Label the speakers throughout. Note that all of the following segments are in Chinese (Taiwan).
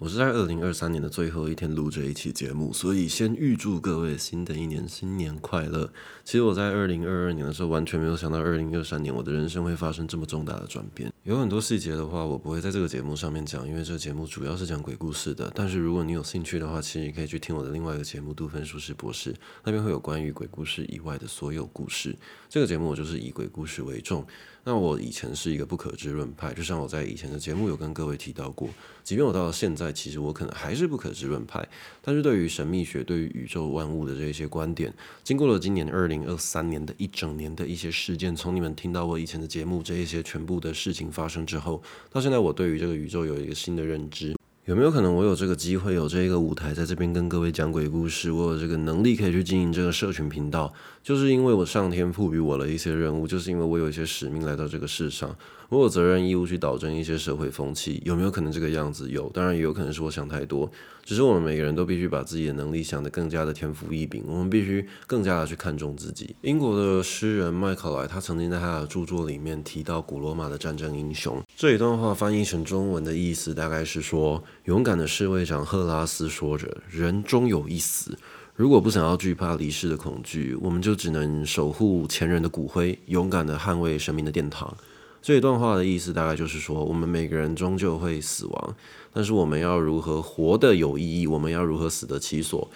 Speaker 1: 我是在二零二三年的最後一天錄這一期節目，所以先預祝各位新的一年新年快樂。其實我在二零二二年的時候，完全沒有想到二零二三年我的人生會發生這麼重大的轉變。有很多細節的話，我不會在這個節目上面講，因為這個節目主要是講鬼故事的。但是如果你有興趣的話，其實你可以去聽我的另外一個節目《杜芬舒茲博士》，那邊會有關於鬼故事以外的所有故事。這個節目我就是以鬼故事為重。那我以前是一個不可知論派，就像我在以前的節目有跟各位提到過，即便我到了現在，其實我可能還是不可知論派。但是對於神秘學、對於宇宙萬物的這一些觀點，經過了今年二零二三年的一整年的一些事件，從你們聽到我以前的節目這一些全部的事情。發生之後，到現在我對於這個宇宙有一個新的認知。有沒有可能我有這個機會，有這個舞台，在這邊跟各位講鬼故事？我有這個能力可以去經營這個社群頻道，就是因為我上天賦予我了一些任務，就是因為我有一些使命來到這個世上。我有責任義務去導正一些社會風氣，有沒有可能這個樣子？有，當然也有可能是我想太多。只是我們每個人都必須把自己的能力想得更加的天賦異稟，我們必須更加的去看重自己。英國的詩人麥考萊他曾經在他的著作裡面提到古羅馬的戰爭英雄這一段話，翻譯成中文的意思大概是說：“勇敢的侍衛長赫拉斯說着，人終有一死，如果不想要懼怕離世的恐懼，我們就只能守護前人的骨灰，勇敢的捍衛神明的殿堂。”這段話的意思大概就是說，我們每個人終究會死亡，但是我們要如何活得有意義？我們要如何死得其所？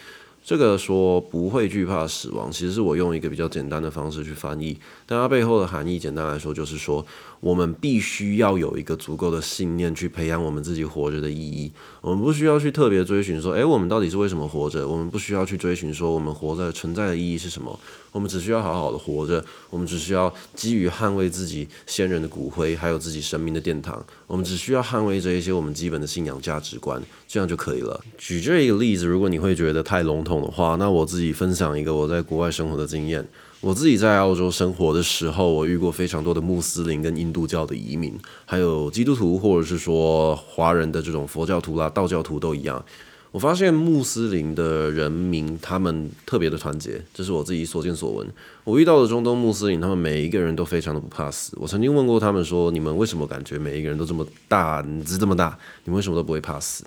Speaker 1: 這個說不會懼怕死亡，其實是我用一個比較簡單的方式去翻譯，但它背後的含義，簡單來說就是說，我們必須要有一個足夠的信念去培養我們自己活着的意義。我們不需要去特別追尋說，誒，我們到底是為什麼活着？我們不需要去追尋說，我們活着存在的意義是什麼？我們只需要好好的活着，我們只需要基於捍衛自己先人的骨灰，還有自己生命的殿堂。我們只需要捍衛着一些我們基本的信仰價值觀，這樣就可以了。舉這一個例子，如果你會覺得太籠統的話，那我自己分享一個我在國外生活的經驗。我自己在澳洲生活的時候，我遇過非常多的穆斯林跟印度教的移民，還有基督徒，或者是說華人的這種佛教徒啦、道教徒都一樣。我發現穆斯林的人民，他們特別的團結，這是我自己所見所聞。我遇到的中東穆斯林，他們每一個人都非常的不怕死。我曾經問過他們說：“你們為什麼感覺每一個人都這麼膽子這麼大？你們為什麼都不會怕死？”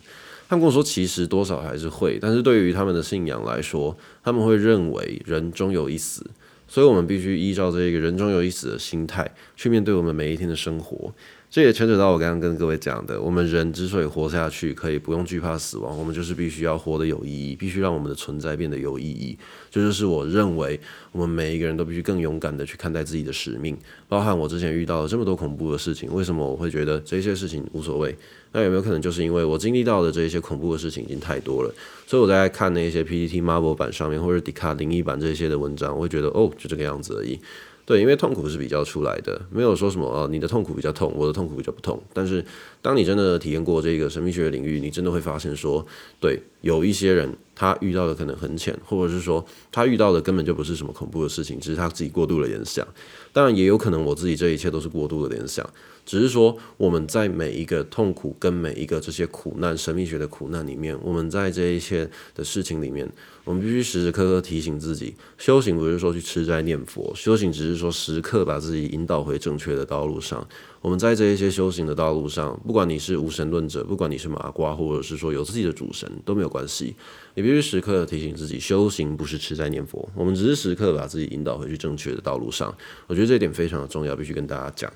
Speaker 1: 他們跟我說：“其實多少還是會，但是對於他們的信仰來說，他們會認為人終有一死，所以我們必須依照這個人終有一死的心態去面對我們每一天的生活。”這也牽扯到我剛剛跟各位講的，我們人之所以活下去，可以不用懼怕死亡，我們就是必須要活得有意義，必須讓我們的存在變得有意義。這就，就是我認為，我們每一個人都必須更勇敢的去看待自己的使命。包含我之前遇到的這麼多恐怖的事情，為什麼我會覺得這些事情無所謂？那有沒有可能，就是因為我經歷到的這些恐怖的事情已經太多了？所以我在看那些 PTT Marvel 版，上面，或者 Dcard 靈異版這些的文章，我會覺得哦，就這個樣子而已。對，因為痛苦是比較出來的，沒有說什麼啊，你的痛苦比較痛，我的痛苦比較不痛。但是，當你真的體驗過這個神秘學領域，你真的會發現說，對，有一些人他遇到的可能很淺，或者是說他遇到的根本就不是什麼恐怖的事情，只是他自己過度的聯想。當然，也有可能我自己這一切都是過度的聯想。只是說，我們在每一個痛苦跟每一個這些苦難、神秘學的苦難裡面，我們在這一切的事情裡面，我們必須時時刻刻提醒自己，修行不是說去吃齋念佛，修行只是說時刻把自己引導回正確的道路上。我們在這一些修行的道路上，不管你是無神論者，不管你是麻瓜，或者是說有自己的主神都沒有關係，你必須時刻提醒自己，修行不是吃齋念佛，我們只是時刻把自己引導回去正確的道路上。我覺得這一點非常的重要，必須跟大家講。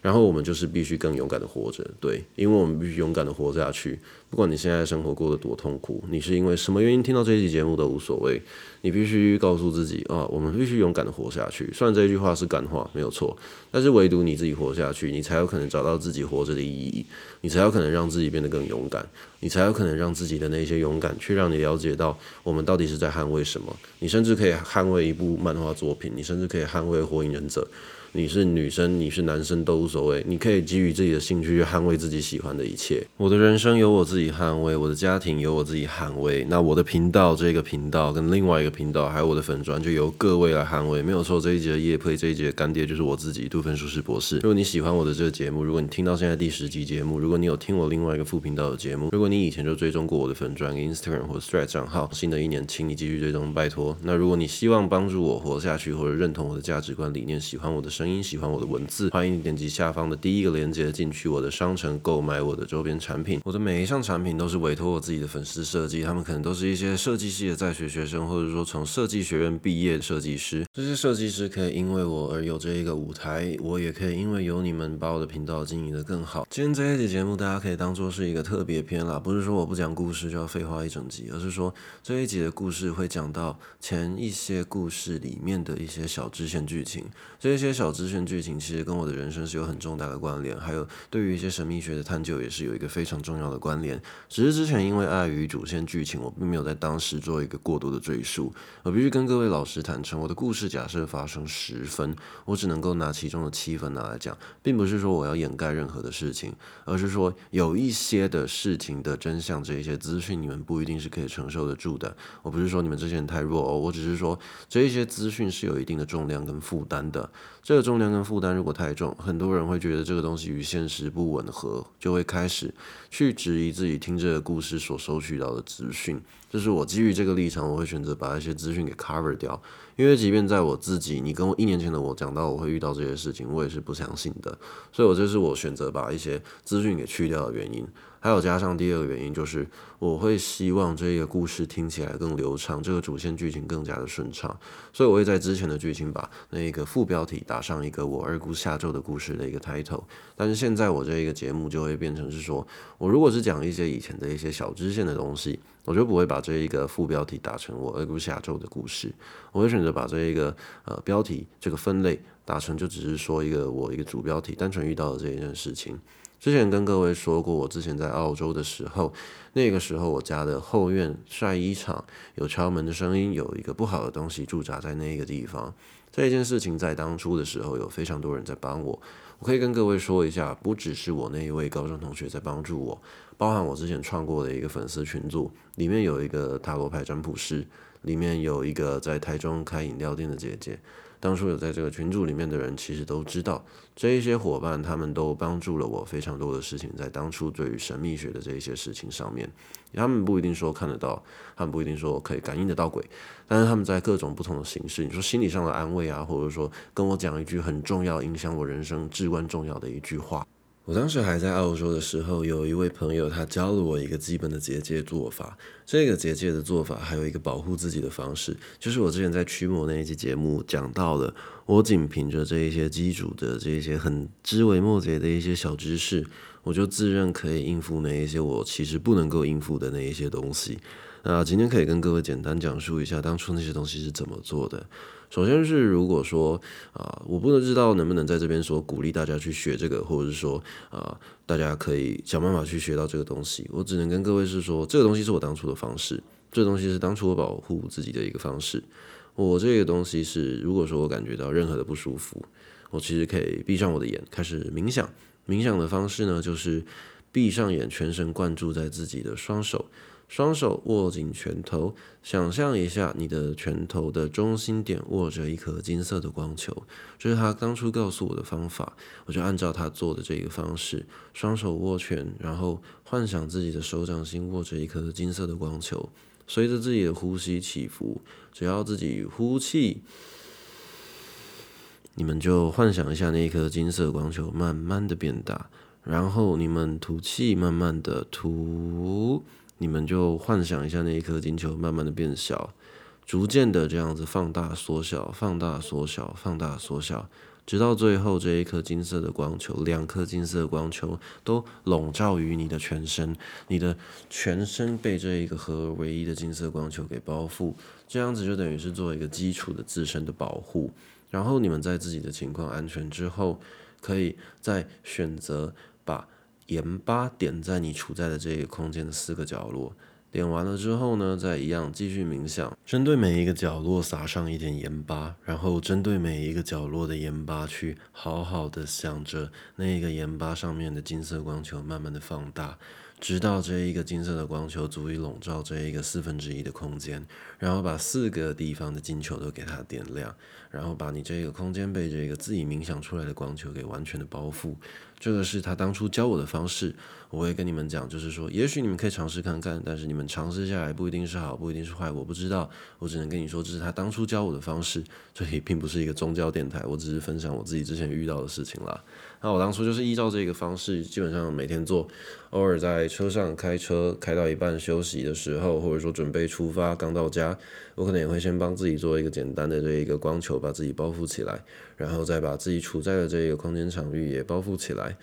Speaker 1: 然後我們就是必須更勇敢的活着，對，因為我們必須勇敢的活下去。不管你現在生活過得多痛苦，你是因為什麼原因聽到這期節目都無所謂。你必須告訴自己啊，我們必須勇敢的活下去。雖然這句話是幹話，沒有錯，但是唯獨你自己活下去，你才有可能找到自己活着的意義，你才有可能讓自己變得更勇敢，你才有可能讓自己的那些勇敢，去讓你了解到我們到底是在捍衛什麼。你甚至可以捍衛一部漫畫作品，你甚至可以捍衛《火影忍者》。你是女生，你是男生都無所謂，你可以基於自己的興趣去捍衛自己喜歡的一切。我的人生由我自己捍衛，我的家庭由我自己捍衛。那我的頻道，這個頻道跟另外一個頻道，還有我的粉專就由各位來捍衛。沒有錯，這一集的業配，這一集的乾爹就是我自己，杜芬舒斯博士。如果你喜歡我的這個節目，如果你聽到現在第十集節目，如果你有聽我另外一個副頻道的節目，如果你以前就追蹤過我的粉專、Instagram 或者 Threads 賬號，新的一年，請你繼續追蹤，拜託。那如果你希望幫助我活下去，或者認同我的價值觀理念，喜歡我的。聲音喜歡我的文字，歡迎你點擊下方的第一個鏈接進去我的商城購買我的周邊產品。我的每一項產品都是委托我自己的粉絲設計，他們可能都是一些設計系的在學學生，或者說從設計學院畢業的設計師。這些設計師可以因為我而有這一個舞台，我也可以因為有你們把我的頻道經營得更好。今天這一集節目大家可以當做是一個特別篇啦，不是說我不講故事就要廢話一整集，而是說這一集的故事會講到前一些故事裡面的一些小支線劇情，這些小。支線劇情其實跟我的人生是有很重大的關聯，還有對於一些神秘學的探究也是有一個非常重要的關聯。只是之前因為礙於主線劇情，我並沒有在當時做一個過多的贅述。我必須跟各位老師坦誠，我的故事假設發生十分，我只能夠拿其中的七分拿來講，並不是說我要掩蓋任何的事情，而是說有一些的事情的真相，這一些資訊你們不一定是可以承受得住的。我不是說你們這些人太弱哦，我只是說這一些資訊是有一定的重量跟負擔的。這個重量跟負擔如果太重，很多人會覺得這個東西與現實不吻合，就會開始去質疑自己聽這個故事所收取到的資訊。就是我基於這個立場，我會選擇把一些資訊給 cover 掉。因為即便在我自己，你跟我一年前的我講到我會遇到這些事情，我也是不相信的，所以我這是我選擇把一些資訊給去掉的原因。還有加上第二個原因就是，我會希望這個故事聽起來更流暢，這個主線劇情更加的順暢，所以我會在之前的劇情把那一個副標題打上一個“我二姑下咒”的故事的一個 title。但是現在我這一個節目就會變成是說，我如果是講一些以前的一些小支線的東西。我就不會把這一個副標題打成我二姑下周的故事，我會選擇把這一個呃標題這個分類打成就只是說一個我一個主標題單純遇到的這一件事情。之前跟各位說過，我之前在澳洲的時候，那個時候我家的後院曬衣場有敲門的聲音，有一個不好的東西駐紮在那個地方。這一件事情在當初的時候有非常多人在幫我，我可以跟各位說一下，不只是我那一位高中同學在幫助我。包含我之前創過的一個粉絲群組，裡面有一個塔羅牌占卜師，裡面有一個在台中開飲料店的姐姐。當初有在這個群組裡面的人，其實都知道這些伙伴，他們都幫助了我非常多的事情，在當初對於神秘學的這些事情上面，他們不一定說看得到，他們不一定說可以感應得到鬼，但是他們在各種不同的形式，你說心理上的安慰啊，或者說跟我講一句很重要、影響我人生至關重要的一句話。我當時還在澳洲的時候，有一位朋友，他教了我一個基本的結界做法。這個結界的做法，還有一個保護自己的方式，就是我之前在驅魔那一期節目講到的。我僅憑着這一些基礎的這一些很枝微末節的一些小知識，我就自認可以應付那一些我其實不能夠應付的那一些東西。那今天可以跟各位簡單講述一下當初那些東西是怎麼做的。首先是如果說啊、呃，我不能知道能不能在這邊說鼓勵大家去學這個，或者是說啊、呃，大家可以想辦法去學到這個東西。我只能跟各位是說，這個東西是我當初的方式，這個東西是當初我保護自己的一個方式。我這個東西是，如果說我感覺到任何的不舒服，我其實可以閉上我的眼，開始冥想。冥想的方式呢，就是閉上眼，全神貫注在自己的雙手。雙手握緊拳頭，想象一下你的拳頭的中心點握着一顆金色的光球，這、就是他當初告訴我的方法，我就按照他做的這個方式，雙手握拳，然後幻想自己的手掌心握着一顆金色的光球，隨着自己的呼吸起伏，只要自己呼氣，你們就幻想一下那一顆金色的光球慢慢的變大，然後你們吐氣，慢慢的吐。你們就幻想一下，那一顆金球慢慢的變小，逐漸的這樣子放大縮小，放大縮小，放大縮小，直到最後這一顆金色的光球，兩顆金色光球都籠罩於你的全身，你的全身被這一個合而為一的金色光球給包覆，這樣子就等於是做一個基礎的自身的保護。然後你們在自己的情況安全之後，可以再選擇把。鹽巴點在你處在的這個空間的四個角落，點完了之後呢，再一樣繼續冥想，針對每一個角落撒上一點鹽巴，然後針對每一個角落的鹽巴去好好的想着那個鹽巴上面的金色光球慢慢的放大，直到這一個金色的光球足以籠罩這一個四分之一的空間，然後把四個地方的金球都給它點亮。然後把你這個空間，被這個自己冥想出來的光球給完全的包覆，這個是他當初教我的方式。我會跟你們講，就是說，也許你們可以嘗試看看，但是你們嘗試下來不一定是好，不一定是壞，我不知道。我只能跟你說，這是他當初教我的方式。這裡並不是一個宗教電台，我只是分享我自己之前遇到的事情啦。那我當初就是依照這個方式，基本上每天做，偶爾在車上開車開到一半休息的時候，或者說準備出發剛到家，我可能也會先幫自己做一個簡單的這一個光球。把自己包覆起來，然後再把自己處在的這個空間場域也包覆起來。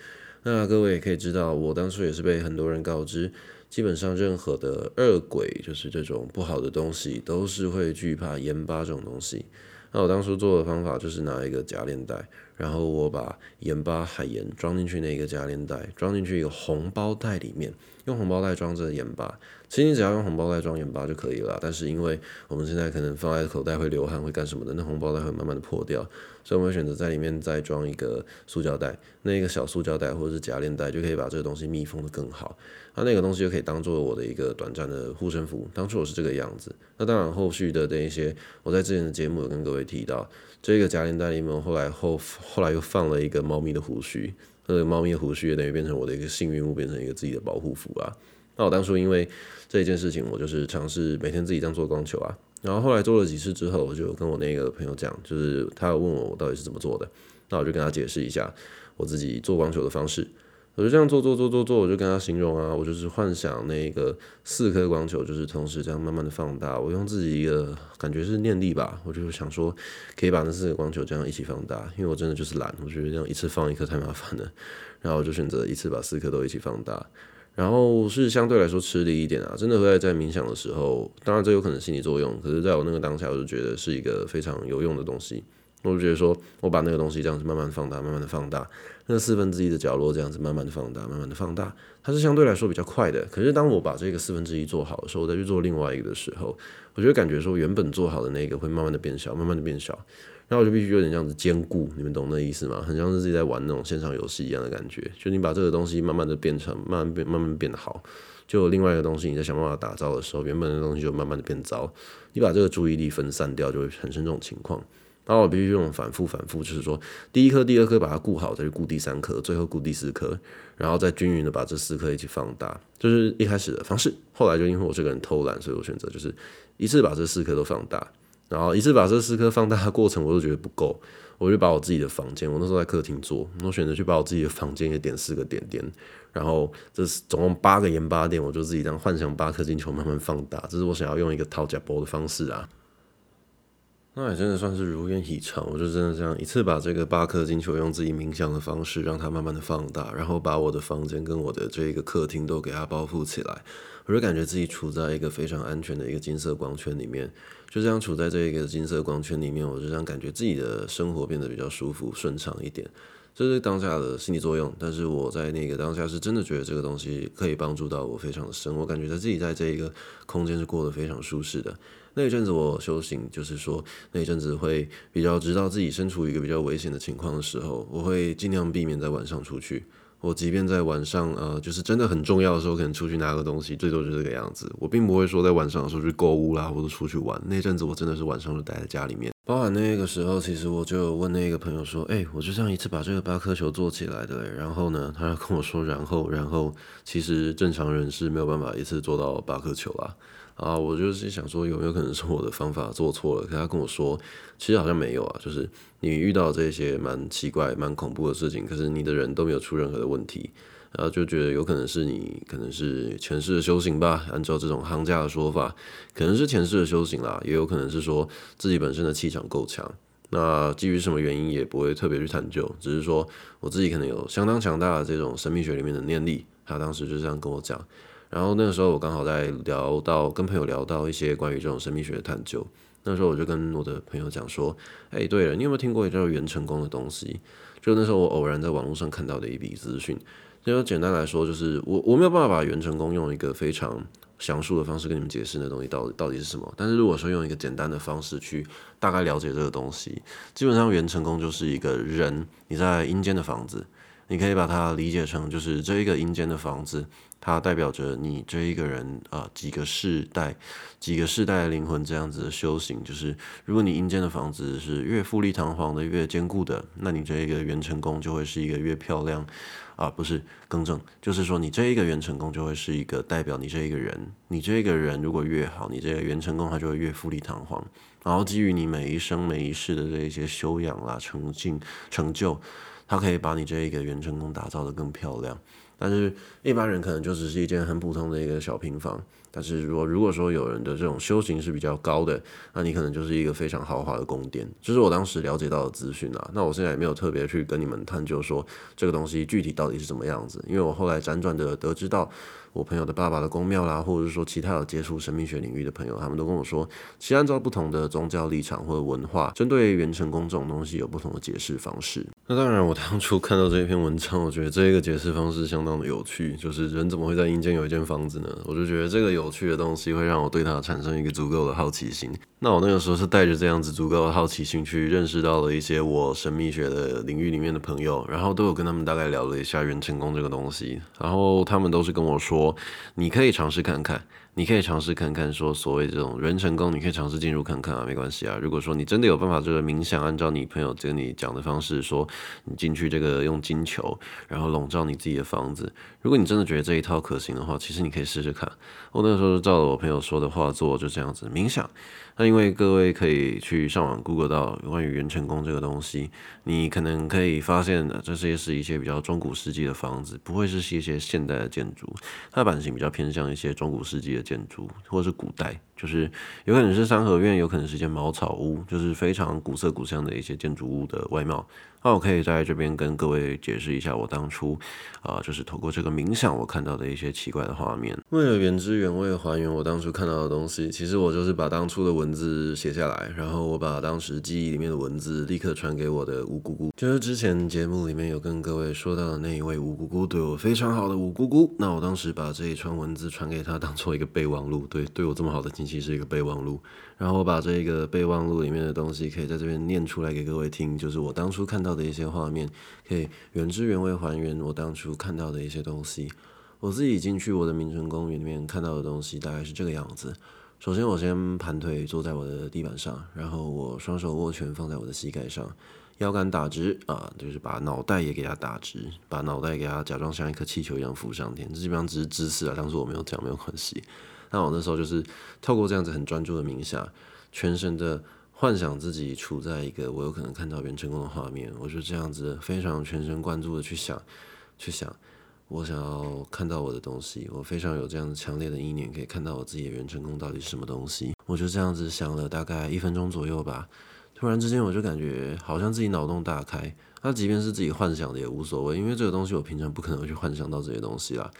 Speaker 1: 那各位也可以知道，我當初也是被很多人告知，基本上任何的惡鬼，就是這種不好的東西，都是會懼怕鹽巴這種東西。那我當初做的方法就是拿一個夾鏈袋，然後我把鹽巴海鹽裝進去那個夾鏈袋，裝進去一個紅包袋裡面，用紅包袋裝着鹽巴。其實你只要用紅包袋裝鹽巴就可以了，但是因為我們現在可能放在口袋會流汗會幹什麼的，那紅包袋會慢慢的破掉，所以我們會選擇在裡面再裝一個塑膠袋，那一個小塑膠袋或者是夾鏈袋就可以把這個東西密封得更好。那那個東西就可以當做我的一個短暫的護身符。當初我是這個樣子，那當然後續的等一些我在之前的節目有跟各位提到，這個夾鏈袋裡面我後來後後來又放了一個貓咪的鬍鬚，那個貓咪的鬍鬚也等於變成我的一個幸運物，變成一個自己的保護符啊。那我當初因為這一件事情，我就是嘗試每天自己這樣做光球啊。然後後來做了幾次之後，我就跟我那個朋友講，就是他問我我到底是怎麼做的。那我就跟他解釋一下我自己做光球的方式。我就這樣做做做做做，我就跟他形容啊，我就是幻想那個四顆光球就是同時這樣慢慢的放大。我用自己一個感覺是念力吧，我就想說可以把那四個光球這樣一起放大，因為我真的就是懶，我覺得這樣一次放一顆太麻煩了。然後我就選擇一次把四顆都一起放大。然後是相對來說吃力一點啊，真的回來在冥想的時候，當然這有可能心理作用，可是在我那個當下，我就覺得是一個非常有用的東西。我就覺得說我把那個東西這樣子慢慢放大，慢慢的放大，那四分之一的角落這樣子慢慢的放大，慢慢的放大，它是相對來說比較快的。可是當我把這個四分之一做好的時候，我再去做另外一個的時候，我就感覺說原本做好的那個會慢慢的變小，慢慢的變小。那我就必須有點這樣子兼顧，你們懂那意思嗎？很像是自己在玩那種線上遊戲一樣的感覺。就你把這個東西慢慢的變成，慢慢變慢慢變得好，就另外一個東西你在想辦法打造的時候，原本的東西就慢慢的變糟。你把這個注意力分散掉，就會產生這種情況。然後我必須用反覆反覆，就是說第一顆、第二顆把它顧好，再去顧第三顆，最後顧第四顆，然後再均勻的把這四顆一起放大，就是一開始的方式。後來就因為我這個人偷懶，所以我選擇就是一次把這四顆都放大。然後一次把這四顆放大的過程我都覺得不夠，我就把我自己的房間，我那時候在客廳做，我選擇去把我自己的房間也點四個點點，然後這是總共八個鹽巴點，我就自己當幻想八顆金球慢慢放大，這是我想要用一個套甲包的方式啊。那也真的算是如願以償，我就真的這樣一次把這個八顆金球用自己冥想的方式讓它慢慢的放大，然後把我的房間跟我的這個客廳都給它包覆起來。我就感覺自己處在一個非常安全的一個金色光圈裡面，就這樣處在這個金色光圈裡面，我就這樣感覺自己的生活變得比較舒服、順暢一點，這是當下的心理作用。但是我在那個當下是真的覺得這個東西可以幫助到我非常的深，我感覺他自己在這一個空間是過得非常舒適的。那一陣子我修行，就是說那一陣子會比較知道自己身處一個比較危險的情況的時候，我會盡量避免在晚上出去。我即便在晚上，呃，就是真的很重要的時候，可能出去拿個東西，最多就是這個樣子。我並不會說在晚上的時候去購物啦，或者出去玩。那陣子我真的是晚上就待在家裡面。包含那個時候，其實我就問那個朋友說：“哎、欸，我就像一次把這個八顆球做起來的、欸。”然後呢，他跟我說：“然後，然後，其實正常人是沒有辦法一次做到八顆球啊。”啊，我就是想說有沒有可能是我的方法做錯了？可他跟我說，其實好像沒有啊，就是你遇到這些蠻奇怪、蠻恐怖的事情，可是你的人都沒有出任何的問題，然後就覺得有可能是你可能是前世的修行吧。按照這種行家的說法，可能是前世的修行啦，也有可能是說自己本身的氣場夠強。那基於什麼原因也不會特別去探究，只是說我自己可能有相當強大的這種神秘學裡面的念力。他當時就這樣跟我講。然後那個時候，我剛好在聊到跟朋友聊到一些關於這種神秘學的探究。那時候我就跟我的朋友講說：“哎、欸，對了，你有沒有聽過也就是元辰宮的東西？”就那時候我偶然在網絡上看到的一筆資訊。就簡單來說，就是我我沒有辦法把元辰宮用一個非常詳述的方式跟你們解釋那東西到底到底是什麼。但是如果說用一個簡單的方式去大概了解這個東西，基本上元辰宮就是一個人你在陰間的房子，你可以把它理解成就是這一個陰間的房子。它代表着你這一個人啊、呃，幾個世代、幾個世代的靈魂這樣子的修行，就是如果你陰間的房子是越富麗堂皇的、越堅固的，那你這個元辰宮就會是一個越漂亮啊、呃，不是更正，就是說你這一個元辰宮就會是一個代表你這一個人，你這個人如果越好，你這個元辰宮它就會越富麗堂皇。然後基於你每一生、每一世的這一些修養啦、成就、成就，它可以把你這一個元辰宮打造得更漂亮。但是一般人可能就只是一間很普通的一個小平房。但是，如果如果說有人的這種修行是比較高的，那你可能就是一個非常豪華的宮殿。這是我當時了解到的資訊啊。那我現在也沒有特別去跟你們探究說這個東西具體到底是怎麼樣子，因為我後來輾轉的得知到，我朋友的爸爸的宮廟啦，或者是說其他有接觸神秘學領域的朋友，他們都跟我說，其實按照不同的宗教立場或者文化，針對元辰宮這種東西有不同的解釋方式。那當然，我當初看到這一篇文章，我覺得這個解釋方式相當的有趣，就是人怎麼會在陰間有一間房子呢？我就覺得這個有趣的東西會讓我對它產生一個足夠的好奇心。那我那個時候是帶着這樣子足夠的好奇心去認識到了一些我神秘學的領域裡面的朋友，然後都有跟他們大概聊了一下元辰宮這個東西，然後他們都是跟我說，你可以嘗試看看。你可以嘗試看看，說所謂這種人成功，你可以嘗試進入看看啊，沒關係啊。如果說你真的有辦法就是冥想，按照你朋友跟你講的方式，說你進去這個用金球，然後籠罩你自己的房子。如果你真的覺得這一套可行的話，其實你可以試試看。我那個時候照了我朋友說的話做，我就這樣子冥想。那因為各位可以去上網 Google 到有關於元辰宮這個東西，你可能可以發現的，這些是一些比較中古世紀的房子，不會是一些現代的建築，它的版型比較偏向一些中古世紀的建築，或是古代，就是有可能是三合院，有可能是一間茅草屋，就是非常古色古香的一些建築物的外貌。那我可以在這邊跟各位解釋一下，我當初，啊、呃，就是透過這個冥想，我看到的一些奇怪的畫面。為了原汁原味還原我當初看到的東西，其實我就是把當初的文字寫下來，然後我把當時記憶裡面的文字立刻傳給我的吳姑姑，就是之前節目裡面有跟各位說到的那一位吳姑姑，對我非常好的吳姑姑。那我當時把這一串文字傳給她，當做一個備忘錄，對，對我這麼好的親戚是一個備忘錄。然後我把這個備忘錄裡面的東西可以在這邊念出來給各位聽，就是我當初看到的一些畫面，可以原汁原味還原我當初看到的一些東西。我自己進去我的元辰宮裡面看到的東西大概是這個樣子。首先我先盤腿坐在我的地板上，然後我雙手握拳放在我的膝蓋上，腰桿打直啊，就是把腦袋也給它打直，把腦袋給它假裝像一顆氣球一樣浮上天。這基本上只是姿勢啊，當時我沒有講，沒有關係。那我那時候就是透過這樣子很專注的冥想，全神的幻想自己處在一個我有可能看到元辰宮的畫面，我就這樣子非常全神貫注的去想，去想我想要看到我的東西，我非常有這樣強烈的意念可以看到我自己的元辰宮到底是什麼東西，我就這樣子想了大概一分鐘左右吧，突然之間我就感覺好像自己腦洞大開，那即便是自己幻想的也無所謂，因為這個東西我平常不可能去幻想到這些東西啦，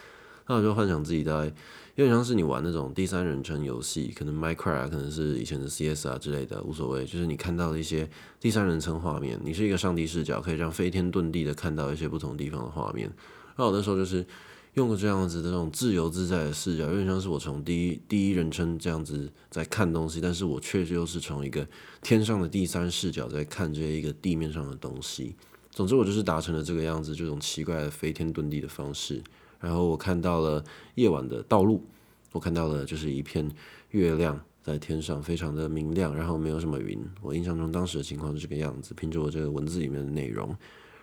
Speaker 1: 那我就幻想自己在。有點像是你玩那種第三人稱遊戲，可能《Minecraft》啊，可能是以前的《CS》啊之類的，無所謂。就是你看到的一些第三人稱畫面，你是一個上帝視角，可以這樣飛天遁地的看到一些不同地方的畫面。那我那時候就是用過這樣子的這種自由自在的視角，有點像是我從第一第一人稱這樣子在看東西，但是我確實又是從一個天上的第三視角在看這一個地面上的東西。總之，我就是達成了這個樣子，就這種奇怪的飛天遁地的方式。然後我看到了夜晚的道路，我看到了就是一片月亮在天上，非常的明亮，然後沒有什麼雲。我印象中當時的情況是這個樣子。憑着我這個文字裡面的內容，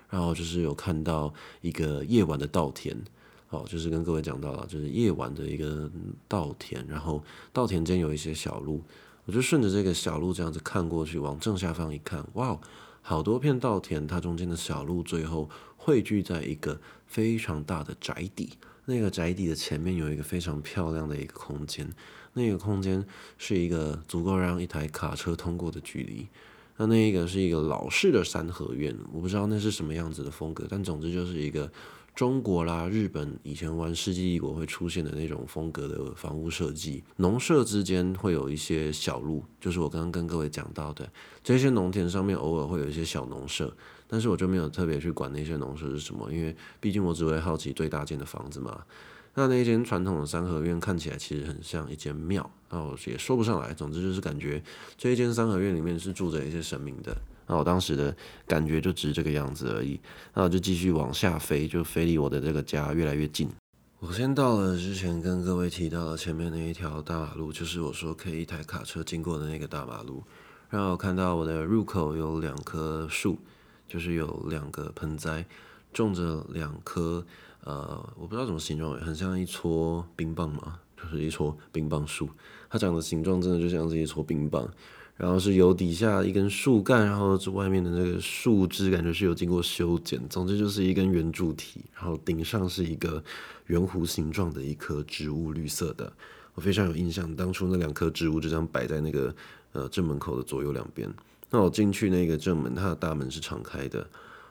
Speaker 1: 然後就是有看到一個夜晚的稻田，哦，就是跟各位講到了，就是夜晚的一個稻田。然後稻田間有一些小路，我就順着這個小路這樣子看過去，往正下方一看，哇，好多片稻田，它中間的小路最後匯聚在一個非常大的宅邸，那個宅邸的前面有一個非常漂亮的一個空間，那個空間是一個足夠讓一台卡車通過的距離。那那一個是一個老式的三合院，我不知道那是什麼樣子的風格，但總之就是一個中國啦、日本以前玩世紀帝國會出現的那種風格的房屋設計。農舍之間會有一些小路，就是我剛剛跟各位講到的，這些農田上面偶爾會有一些小農舍。但是我就沒有特別去管那些農舍是什麼，因為畢竟我只會好奇最大間的房子嘛。那那間傳統的三合院看起來其實很像一間廟，然後我也說不上來，總之就是感覺這一間三合院裡面是住着一些神明的。那我當時的感覺就只是這個樣子而已。那我就繼續往下飛，就飛離我的這個家越來越近。我先到了之前跟各位提到的前面那一條大馬路，就是我說可以一台卡車經過的那個大馬路。然後看到我的入口有兩棵樹。就是有兩個盆栽，種着兩棵，呃，我不知道怎麼形容，很像一撮冰棒嘛，就是一撮冰棒樹。它長的形狀真的就像是一撮冰棒，然後是有底下一根樹幹，然後這外面的那個樹枝感覺是有經過修剪，總之就是一根圓柱體，然後頂上是一個圓弧形狀的一棵植物，綠色的。我非常有印象，當初那兩棵植物就這樣擺在那個呃正門口的左右兩邊。那我進去那個正門，它的大門是敞開的，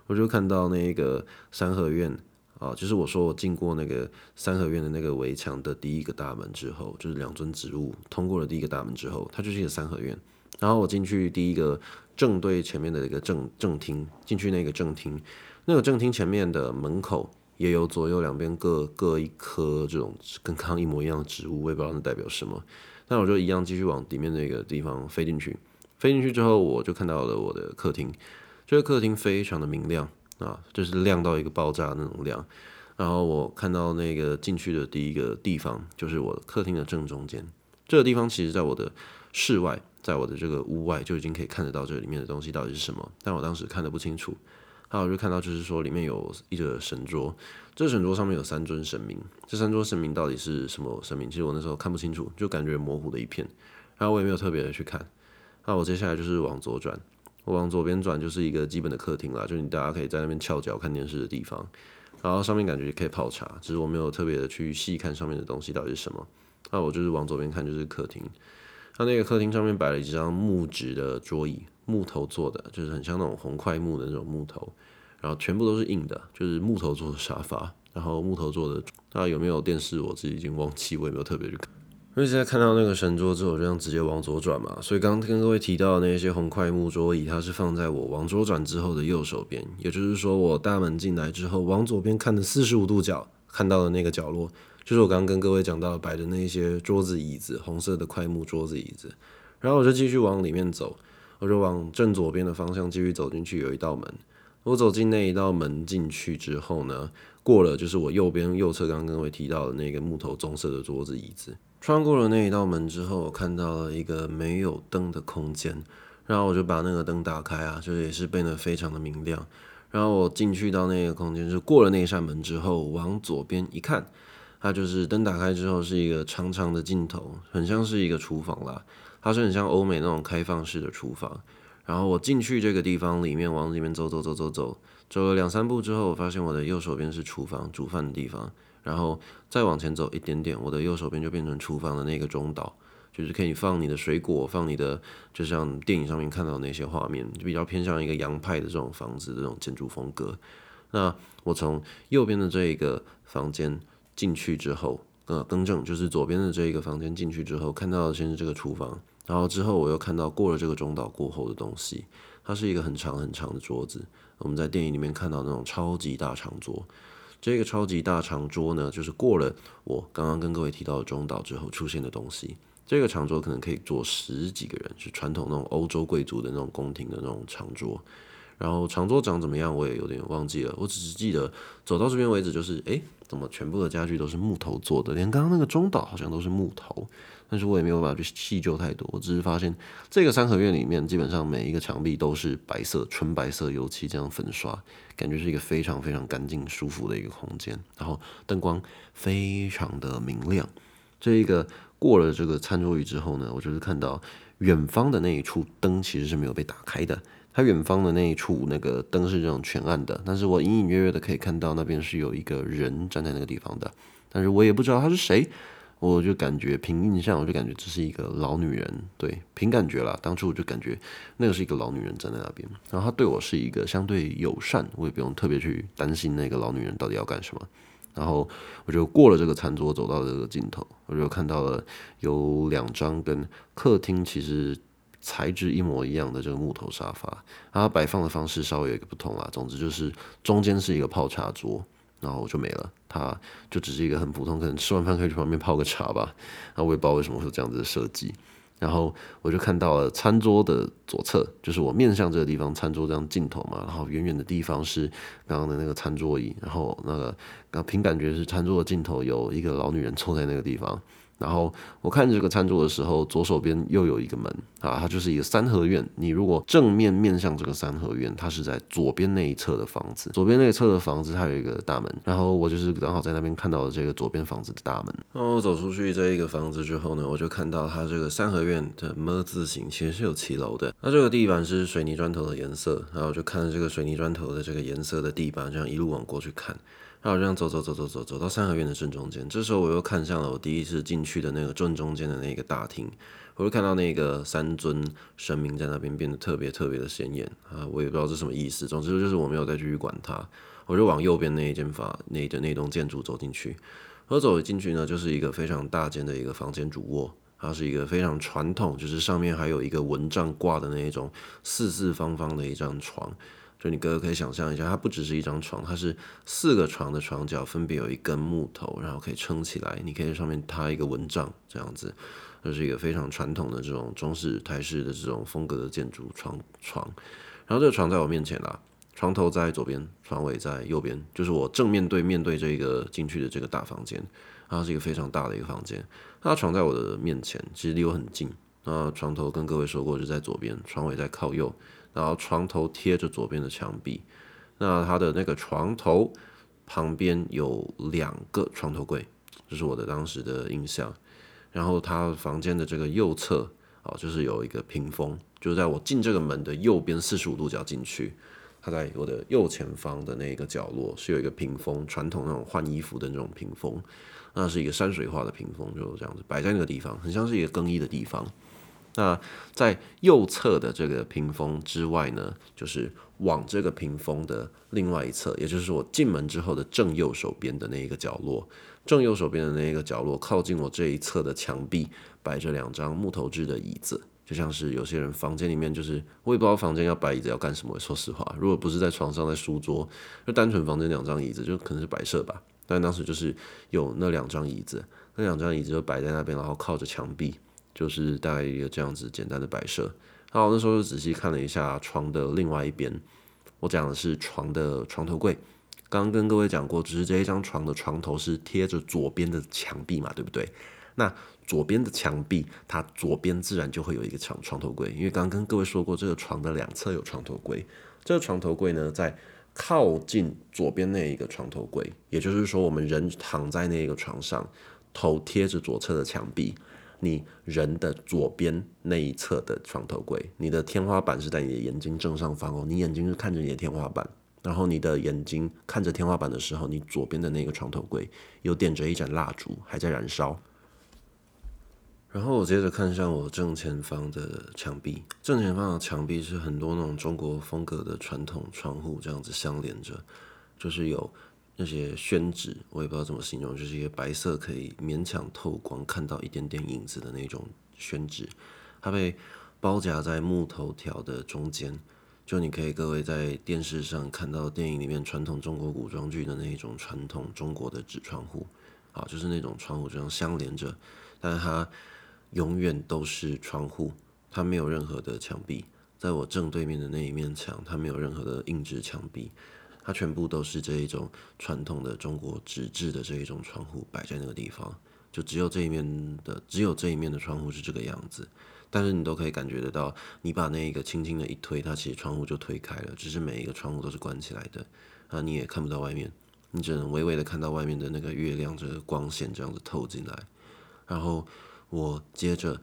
Speaker 1: 我就看到那個三合院啊，就是我說我進過那個三合院的那個圍牆的第一個大門之後，就是兩尊植物通過了第一個大門之後，它就是一個三合院。然後我進去第一個正對前面的一個正正廳，進去那個正廳，那個正廳前面的門口也有左右兩邊各各一棵這種跟剛剛一模一樣的植物，我也不知道那代表什麼，那我就一樣繼續往裡面那個地方飛進去。飛進去之後，我就看到了我的客廳。這個客廳非常的明亮啊，就是亮到一個爆炸的那種亮。然後我看到那個進去的第一個地方，就是我客廳的正中間。這個地方其實在我的室外，在我的這個屋外就已經可以看得到這裡面的東西到底是什麼，但我當時看的不清楚。還有我就看到，就是說裡面有一個神桌，這個神桌上面有三尊神明。這三尊神明到底是什麼神明？其實我那時候看不清楚，就感覺模糊的一片。然後我也沒有特別的去看。那我接下來就是往左轉，我往左邊轉就是一個基本的客廳啦，就你大家可以在那邊翹腳看電視的地方，然後上面感覺可以泡茶，只是我沒有特別的去細看上面的東西到底是什麼。那我就是往左邊看就是客廳，它那，那個客廳上面擺了幾張木質的桌椅，木頭做的，就是很像那種紅檜木的那種木頭，然後全部都是硬的，就是木頭做的沙發，然後木頭做的，那有沒有電視我自己已經忘記，我也沒有特別去看。因為現在看到那個神桌之後，我就這樣直接往左轉嘛，所以剛剛跟各位提到的那些紅檜木桌椅，它是放在我往左轉之後的右手邊，也就是說我大門進來之後，往左邊看的四十五度角看到的那個角落，就是我剛剛跟各位講到擺的、的那些桌子椅子，紅色的檜木桌子椅子。然後我就繼續往裡面走，我就往正左邊的方向繼續走進去，有一道門。我走進那一道門進去之後呢，過了就是我右邊右側剛剛跟各位提到的那個木頭棕色的桌子椅子。穿過了那一道門之後，我看到了一個沒有燈的空間，然後我就把那個燈打開啊，就是也是變得非常的明亮。然後我進去到那個空間，就過了那扇門之後，往左邊一看，它就是燈打開之後是一個長長的鏡頭，很像是一個廚房啦。它是很像歐美那種開放式的廚房。然後我進去這個地方裡面，往裡面走走走走走，走了兩三步之後，我發現我的右手邊是廚房，煮飯的地方。然後再往前走一點點，我的右手邊就變成廚房的那個中島，就是可以放你的水果，放你的，就像電影上面看到的那些畫面，就比較偏向一個洋派的這種房子，這種建築風格。那我從右邊的這一個房間進去之後，呃，更正，就是左邊的這一個房間進去之後，看到的先是這個廚房，然後之後我又看到過了這個中島過後的東西，它是一個很長很長的桌子，我們在電影裡面看到那種超級大長桌。這個超級大長桌呢，就是過了我剛剛跟各位提到的中島之後出現的東西。這個長桌可能可以坐十幾個人，是傳統那種歐洲貴族的那種宮廷的那種長桌。然後長桌長怎麼樣，我也有點忘記了。我只是記得走到這邊為止，就是哎，怎麼全部的家具都是木頭做的，連剛剛那個中島好像都是木頭。但是我也沒有辦法去細究太多，我只是發現這個三合院裡面基本上每一個牆壁都是白色、純白色油漆這樣粉刷，感覺是一個非常非常乾淨、舒服的一個空間。然後燈光非常的明亮。這一個過了這個餐桌椅之後呢，我就是看到遠方的那一處燈其實是沒有被打開的。他遠方的那一處那個燈是這種全暗的，但是我隱隱約約的可以看到那邊是有一個人站在那個地方的，但是我也不知道他是誰，我就感覺憑印象，我就感覺這是一個老女人，對，憑感覺啦。當初我就感覺那個是一個老女人站在那邊，然後她對我是一個相對友善，我也不用特別去擔心那個老女人到底要幹什麼。然後我就過了這個餐桌走到這個盡頭，我就看到了有兩張跟客廳其實。材質一模一樣的這個木頭沙發，它擺放的方式稍微有一個不同啊。總之就是中間是一個泡茶桌，然後就沒了，它就只是一個很普通，可能吃完飯可以去旁邊泡個茶吧。然後我也不知道為什麼會有這樣子的設計。然後我就看到了餐桌的左側，就是我面向這個地方，餐桌這樣鏡頭嘛。然後遠遠的地方是剛剛的那個餐桌椅，然後那個，然後憑感覺是餐桌的盡頭有一個老女人坐在那個地方。然後我看這個餐桌的時候，左手邊又有一個門啊，它就是一個三合院。你如果正面面向這個三合院，它是在左邊那一側的房子。左邊那一側的房子它有一個大門，然後我就是剛好在那邊看到了這個左邊房子的大門。然後走出去這一個房子之後呢，我就看到它這個三合院的麼字形其實是有騎樓的。那這個地板是水泥磚頭的顏色，然後我就看這個水泥磚頭的這個顏色的地板，這樣一路往過去看。好，這樣走走走走走走到三合院的正中間，這時候我又看向了我第一次進去的那個正中間的那個大廳，我就看到那個三尊神明在那邊變得特別特別的顯眼啊，我也不知道這是什麼意思，總之就是我沒有再繼續管它，我就往右邊那一間房，那一個那棟建築走進去。我走進去呢，就是一個非常大間的一個房間，主臥，它是一個非常傳統，就是上面還有一個蚊帳掛的那一種四四方方的一張床。就你各位可以想象一下，它不只是一張床，它是四個床的床角分別有一根木頭，然後可以撐起來，你可以在上面搭一個蚊帳這樣子。這、就是一個非常傳統的這種中式台式的這種風格的建築床床。然後這個床在我面前啦，床頭在左邊，床尾在右邊，就是我正面對面對這個進去的這個大房間。它是一個非常大的一個房間，它床在我的面前，其實離我很近。那床頭跟各位說過，就是在左邊，床尾在靠右。然後床頭貼着左邊的牆壁，那他的那個床頭旁邊有兩個床頭櫃，這、就是我的當時的印象。然後他房間的這個右側啊、哦，就是有一個屏風，就是在我進這個門的右邊四十五度角進去，他在我的右前方的那個角落是有一個屏風，傳統那種換衣服的那種屏風，那是一個山水畫的屏風，就這樣子擺在那個地方，很像是一個更衣的地方。那在右側的這個屏風之外呢，就是往這個屏風的另外一側，也就是我進門之後的正右手邊的那一個角落，正右手邊的那一個角落靠近我這一側的牆壁，擺着兩張木頭製的椅子，就像是有些人房間裡面，就是我也不知道房間要擺椅子要幹什麼。說實話，如果不是在床上，在書桌，就單純房間兩張椅子，就可能是擺設吧。但當時就是有那兩張椅子，那兩張椅子就擺在那邊，然後靠着牆壁。就是大概一個這樣子簡單的擺設。好，我那時候就仔細看了一下床的另外一邊。我講的是床的床頭櫃。剛剛跟各位講過，只是這一張床的床頭是貼着左邊的牆壁嘛，對不對？那左邊的牆壁，它左邊自然就會有一個床床頭櫃，因為剛剛跟各位說過，這個床的兩側有床頭櫃。這個床頭櫃呢，在靠近左邊那一個床頭櫃，也就是說，我們人躺在那一個床上，頭貼着左側的牆壁。你人的左邊那一側的床頭櫃，你的天花板是在你的眼睛正上方哦，你眼睛是看着你的天花板，然後你的眼睛看着天花板的時候，你左邊的那個床頭櫃有點着一盞蠟燭，還在燃燒。然後我接着看向我正前方的牆壁，正前方的牆壁是很多那種中國風格的傳統窗戶，這樣子相連着，就是有。那些宣紙，我也不知道怎麼形容，就是一些白色，可以勉強透光，看到一點點影子的那種宣紙。它被包夾在木頭條的中間，就你可以各位在電視上看到電影裡面傳統中國古裝劇的那種傳統中國的紙窗戶，啊，就是那種窗戶這樣相連着，但是它永遠都是窗戶，它沒有任何的牆壁。在我正對面的那一面牆，它沒有任何的硬質牆壁。它全部都是這一種傳統的中國紙質的這一種窗戶擺在那個地方，就只有這一面的，只有這一面的窗戶是這個樣子。但是你都可以感覺得到，你把那個輕輕的一推，它其實窗戶就推開了，只是每一個窗戶都是關起來的，啊，你也看不到外面，你只能微微的看到外面的那個月亮，這個光線這樣子透進來。然後我接着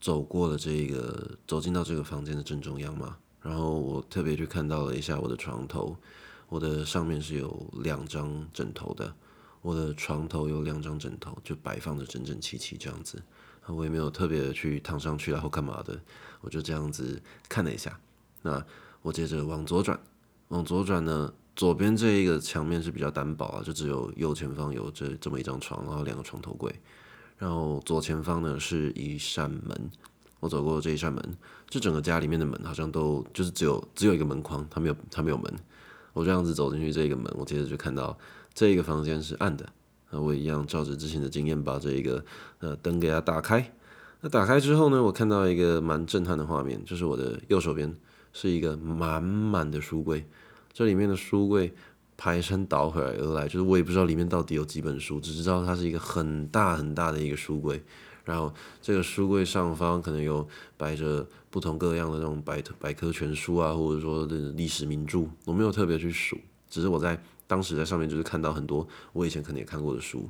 Speaker 1: 走過了這個，走進到這個房間的正中央嘛，然後我特別去看到了一下我的床頭。我的上面是有兩張枕頭的，我的床頭有兩張枕頭，就擺放的整整齊齊這樣子，我也沒有特別的去躺上去，然後幹嘛的，我就這樣子看了一下。那我接着往左轉，往左轉呢，左邊這一個牆面是比較單薄啊，就只有右前方有這這麼一張床，然後兩個床頭櫃，然後左前方呢是一扇門，我走過這一扇門，就整個家裡面的門好像都就是只有只有一個門框，它沒有它沒有門。我這樣子走進去這個門，我接着就看到這個房間是暗的。那我一樣照着之前的經驗，把這一個呃燈給它打開。那打開之後呢，我看到一個蠻震撼的畫面，就是我的右手邊是一個滿滿的書櫃，這裡面的書櫃排山倒海而來，就是我也不知道裡面到底有幾本書，只知道它是一個很大很大的一個書櫃。然後這個書櫃上方可能有擺着。不同各樣的那種百百科全書啊，或者說歷史名著，我沒有特別去數，只是我在當時在上面就是看到很多我以前肯定也看過的書，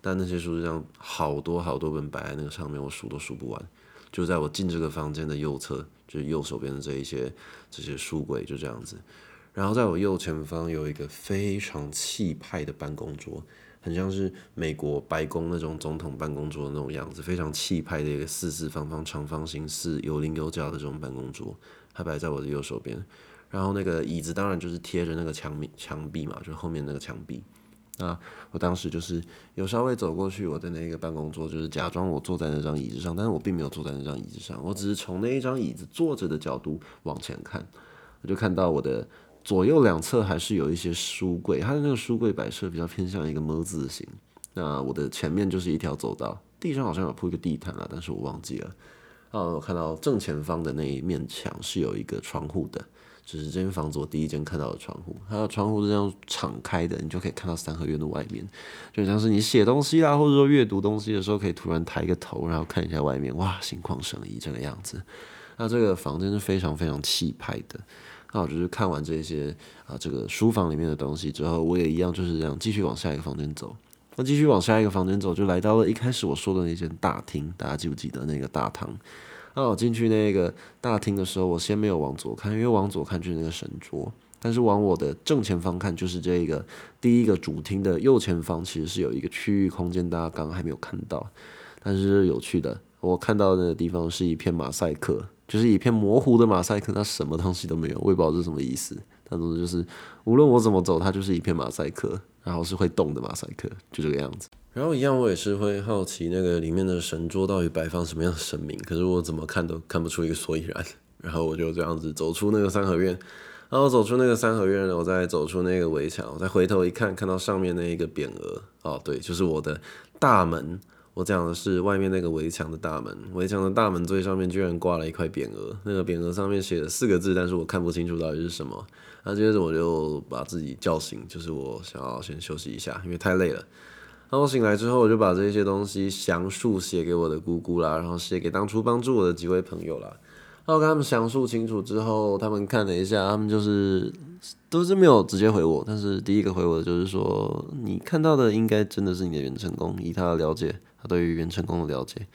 Speaker 1: 但那些書就這樣好多好多本擺在那個上面，我數都數不完。就在我進這個房間的右側，就是右手邊的這一些這些書櫃就這樣子，然後在我右前方有一個非常氣派的辦公桌。很像是美國白宮那種總統辦公桌那種樣子，非常氣派的一個四四方方長方形四、四有稜有角的這種辦公桌，它擺在我的右手邊。然後那個椅子當然就是貼着那個牆牆壁嘛，就後面那個牆壁。啊，我當時就是有稍微走過去，我在那個辦公桌就是假裝我坐在那張椅子上，但是我並沒有坐在那張椅子上，我只是從那一張椅子坐着的角度往前看，我就看到我的。左右兩側還是有一些書櫃，它的那個書櫃擺設比較偏向一個“麼”字形。那我的前面就是一條走道，地上好像有鋪一個地毯了，但是我忘記了。哦，我看到正前方的那一面牆是有一個窗戶的，只、就是這間房子我第一間看到的窗戶。它的窗戶是這樣敞開的，你就可以看到三合院的外面，就像是你寫東西啦，或者說閱讀東西的時候，可以突然抬個頭，然後看一下外面，哇，心曠神怡這個樣子。那這個房間是非常非常氣派的。那我就是看完這些啊，這個書房裡面的東西之後，我也一樣就是這樣繼續往下一個房間走。那繼續往下一個房間走，就來到了一開始我說的那間大廳，大家記不記得那個大堂？那我進去那個大廳的時候，我先沒有往左看，因為往左看就是那個神桌。但是往我的正前方看，就是這個第一個主廳的右前方，其實是有一個區域空間，大家剛剛還沒有看到，但是有趣的，我看到的那個地方是一片馬賽克。就是一片模糊的馬賽克，它什麼東西都沒有，我也不知道是什麼意思。它總之就是，無論我怎麼走，它就是一片馬賽克，然後是會動的馬賽克，就這個樣子。然後一樣，我也是會好奇那個裡面的神桌到底擺放什麼樣的神明，可是我怎麼看都看不出一個所以然。然後我就這樣子走出那個三合院，然後走出那個三合院呢，然後我再走出那個圍牆，我再回頭一看，看到上面那一個匾額，哦，對，就是我的大門。我講的是外面那個圍牆的大門，圍牆的大門最上面居然掛了一塊匾額，那個匾額上面寫了四個字，但是我看不清楚到底是什麼。那接着我就把自己叫醒，就是我想要先休息一下，因為太累了。當我醒來之後，我就把這些東西詳述寫給我的姑姑啦，然後寫給當初幫助我的幾位朋友啦。然後跟他們詳述清楚之後，他們看了一下，他們就是都是沒有直接回我，但是第一個回我的就是說，你看到的應該真的是你的元辰宮，以他了解。他對於元辰宮的了解，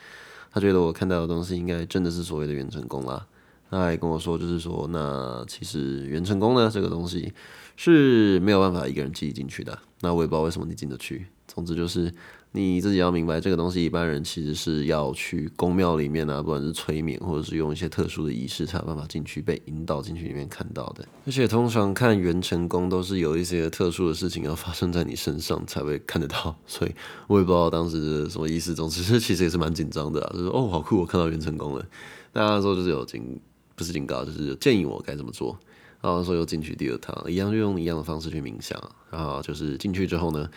Speaker 1: 他覺得我看到的東西應該真的是所謂的元辰宮啦。他還跟我說，就是說，那其實元辰宮呢，這個東西是沒有辦法一個人自己進去的。那我也不知道為什麼你進得去。總之就是你自己要明白這個東西，一般人其實是要去宮廟裡面啊，不管是催眠或者是用一些特殊的儀式，才有辦法進去被引導進去裡面看到的。而且通常看元辰宮都是有一些特殊的事情要發生在你身上才會看得到，所以我也不知道當時的什麼意思，總之，其實也是蠻緊張的、啊，就是哦、oh, 好酷，我看到元辰宮了。那時候就是有警，不是警告，就是建議我該怎麼做。然後說又進去第二趟，一樣就用一樣的方式去冥想。然後就是進去之後呢。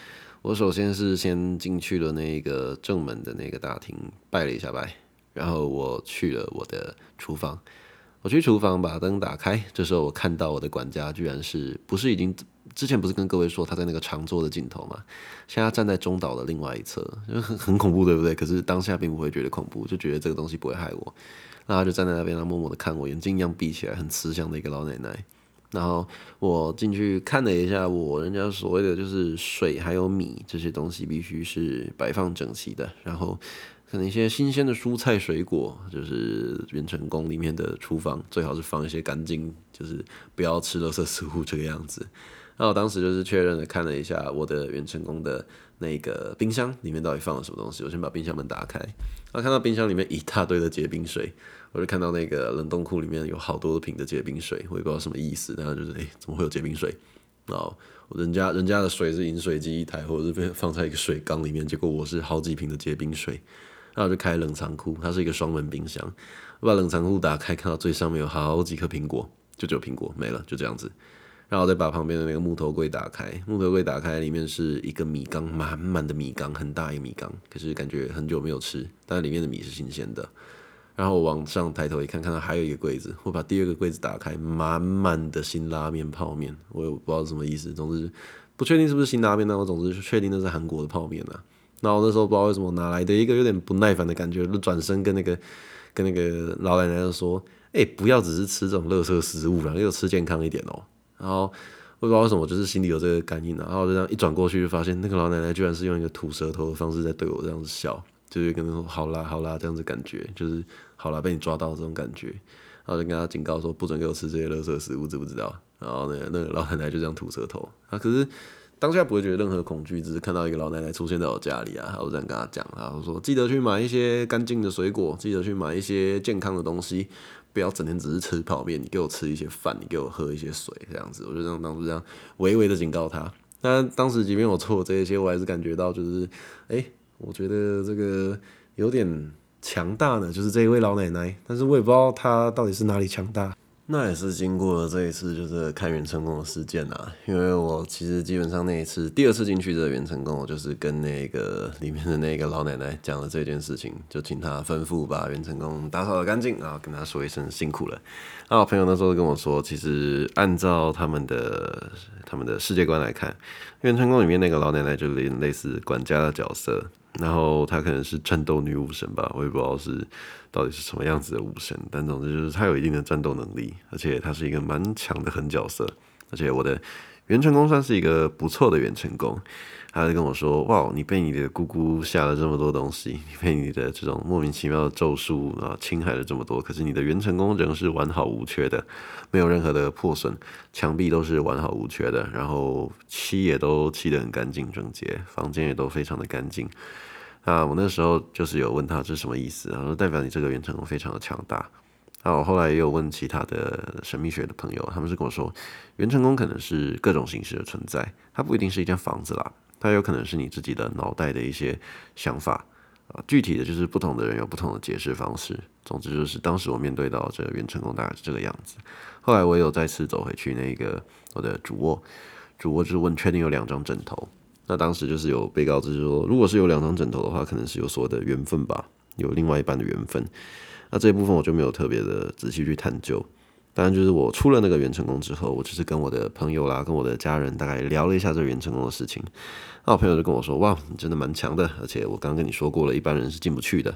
Speaker 1: 我首先是先進去了那個正門的那個大廳拜了一下拜，然後我去了我的廚房，我去廚房把燈打開，這時候我看到我的管家居然是不是已經之前不是跟各位說他在那個長桌的盡頭嗎？現在他站在中島的另外一側，就很很恐怖對不對？可是當下並不會覺得恐怖，就覺得這個東西不會害我，那他就站在那邊，他默默的看我，眼睛一樣閉起來，很慈祥的一個老奶奶。然後我進去看了一下，我人家所謂的就是水還有米這些東西必須是擺放整齊的，然後看一些新鮮的蔬菜水果，就是元辰宮裡面的廚房最好是放一些乾淨，就是不要吃綠色食物這個樣子。那我當時就是確認的看了一下我的元辰宮的那個冰箱裡面到底放了什麼東西，我先把冰箱門打開，然後看到冰箱裡面一大堆的結冰水。我就看到那個冷凍庫裡面有好多瓶的結冰水，我也不知道什麼意思。然後就是，誒、欸，怎麼會有結冰水？然後人家人家的水是飲水機一台，或者是被放在一個水缸裡面。結果我是好幾瓶的結冰水。然後我就開冷藏庫，它是一個雙門冰箱。我把冷藏庫打開，看到最上面有好幾顆蘋果，就只有蘋果沒了，就這樣子。然後我再把旁邊的那個木頭櫃打開，木頭櫃打開裡面是一個米缸，滿滿的米缸，很大一個米缸。可是感覺很久沒有吃，但裡面的米是新鮮的。然後我往上抬頭一看，看到還有一個櫃子，我把第二個櫃子打開，滿滿的辛拉麵泡麵，我也不知道什麼意思，總之不確定是不是辛拉麵呢，我總之確定那是韓國的泡麵啊。然後那時候不知道為什麼哪來的一個有點不耐煩的感覺，就轉身跟那個跟那個老奶奶就說：“哎、欸，不要只是吃這種垃圾食物然後要吃健康一點哦。”然後我不知道為什麼就是心裡有這個感應、啊，然後就這樣一轉過去，就發現那個老奶奶居然是用一個吐舌頭的方式在對我這樣子笑，就是跟那種“好啦好啦”這樣子感覺，就是。好了，被你抓到這種感覺，然後就跟他警告說，不准給我吃這些垃圾食物，知不知道？然後呢，那個老奶奶就這樣吐舌頭、啊。可是當下不會覺得任何恐懼，只是看到一個老奶奶出現在我家裡啊，然後我就這樣跟他講，他說，記得去買一些乾淨的水果，記得去買一些健康的東西，不要整天只是吃泡麵。你給我吃一些飯，你給我喝一些水，這樣子，我就這樣當初這樣微微的警告他。那當時即便我做這些，我還是感覺到就是，哎、欸，我覺得這個有點。強大呢，就是這一位老奶奶，但是我也不知道她到底是哪裡強大。那也是經過了這一次，就是開元辰宮的事件啊。因為我其實基本上那一次第二次進去這元辰宮，我就是跟那個裡面的那個老奶奶講了這件事情，就請她吩咐把元辰宮打掃得乾淨，然後跟她說一聲辛苦了。那我朋友那時候跟我說，其實按照他們的他們的世界觀來看，元辰宮裡面那個老奶奶就有點類似管家的角色。然後她可能是戰鬥女武神吧，我也不知道是到底是什麼樣子的武神，但總之就是她有一定的戰鬥能力，而且她是一個蠻強的狠角色。而且我的元辰宮算是一個不錯的元辰宮。他就跟我說：“哇，你被你的姑姑下了這麼多東西，你被你的這種莫名其妙的咒術啊，侵害了這麼多，可是你的元辰宮仍是完好無缺的，沒有任何的破損，牆壁都是完好無缺的，然後漆也都漆得很乾淨整潔，房間也都非常的乾淨。”啊，我那時候就是有問他這是什麼意思，他說代表你這個元辰宮非常的強大。好、啊，我後來也有問其他的神秘學的朋友，他們是跟我說，元辰宮可能是各種形式的存在，它不一定是一間房子啦，它有可能是你自己的腦袋的一些想法啊。具體的就是不同的人有不同的解釋方式。總之就是當時我面對到這個元辰宮大概是這個樣子。後來我也有再次走回去那個我的主臥，主臥之問確定有兩張枕頭。那當時就是有被告知說，如果是有兩張枕頭的話，可能是有所謂的緣分吧，有另外一半的緣分。那這一部分我就沒有特別的仔細去探究。當然，就是我出了那個元辰宮之後，我就是跟我的朋友啦，跟我的家人大概聊了一下這個元辰宮的事情。那我朋友就跟我說：“哇，你真的蠻強的，而且我剛跟你說過了，一般人是進不去的。”